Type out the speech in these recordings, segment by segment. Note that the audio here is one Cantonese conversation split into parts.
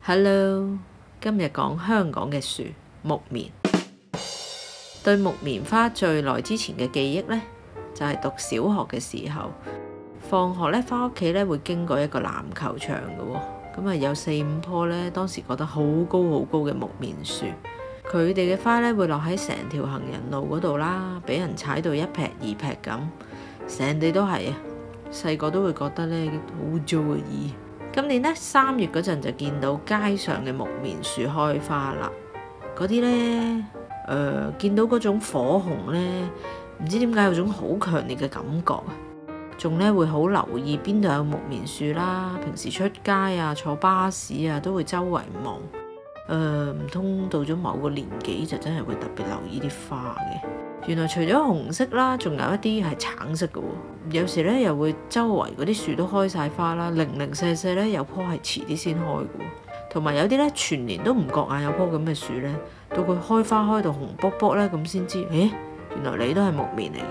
Hello，今日講香港嘅樹，木棉。對木棉花最耐之前嘅記憶呢，就係、是、讀小學嘅時候，放學呢，返屋企呢，會經過一個籃球場嘅、哦，咁啊有四五棵呢，當時覺得好高好高嘅木棉樹，佢哋嘅花呢，會落喺成條行人路嗰度啦，俾人踩到一劈二劈咁，成地都係啊，細個都會覺得呢，好糟嘅意。今年咧三月嗰陣就見到街上嘅木棉樹開花啦，嗰啲咧誒見到嗰種火紅咧，唔知點解有種好強烈嘅感覺啊，仲咧會好留意邊度有木棉樹啦，平時出街啊坐巴士啊都會周圍望，誒唔通到咗某個年紀就真係會特別留意啲花嘅。原來除咗紅色啦，仲有一啲係橙色嘅喎。有時咧又會周圍嗰啲樹都開晒花啦，零零四四咧有棵係遲啲先開嘅喎，同埋有啲咧全年都唔覺眼有棵咁嘅樹咧，到佢開花開到紅卜卜咧，咁先知誒，原來你都係木棉嚟㗎。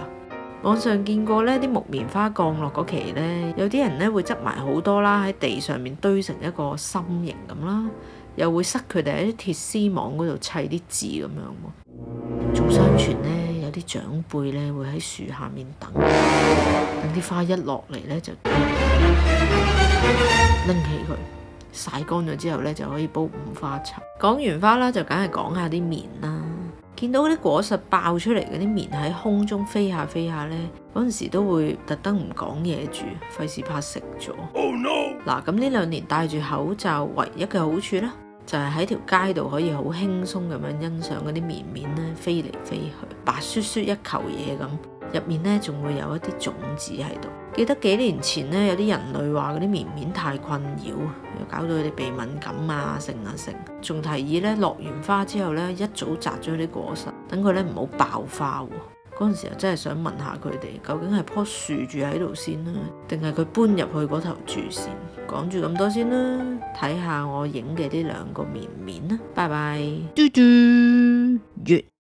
網上見過呢啲木棉花降落嗰期咧，有啲人咧會執埋好多啦喺地上面堆成一個心形咁啦，又會塞佢哋喺啲鐵絲網嗰度砌啲字咁樣喎，仲生存咧。啲長輩咧會喺樹下面等，等啲花一落嚟咧就拎起佢曬乾咗之後咧就可以煲五花茶。講完花啦，就梗係講下啲棉啦。見到嗰啲果實爆出嚟嗰啲棉喺空中飛下飛下咧，嗰陣時都會特登唔講嘢住，費事怕食咗。哦 no。嗱，咁呢兩年戴住口罩唯一嘅好處咧～就係喺條街度可以好輕鬆咁樣欣賞嗰啲綿綿咧飛嚟飛去，白雪雪一球嘢咁，入面咧仲會有一啲種子喺度。記得幾年前咧，有啲人類話嗰啲綿綿太困擾，又搞到佢哋鼻敏感啊，成啊成，仲提議咧落完花之後咧一早摘咗啲果實，等佢咧唔好爆花喎。嗰陣時真係想問下佢哋，究竟係棵樹住喺度先啦，定係佢搬入去嗰頭住先？講住咁多先啦，睇下我影嘅呢兩個綿綿啦，拜拜，嘟嘟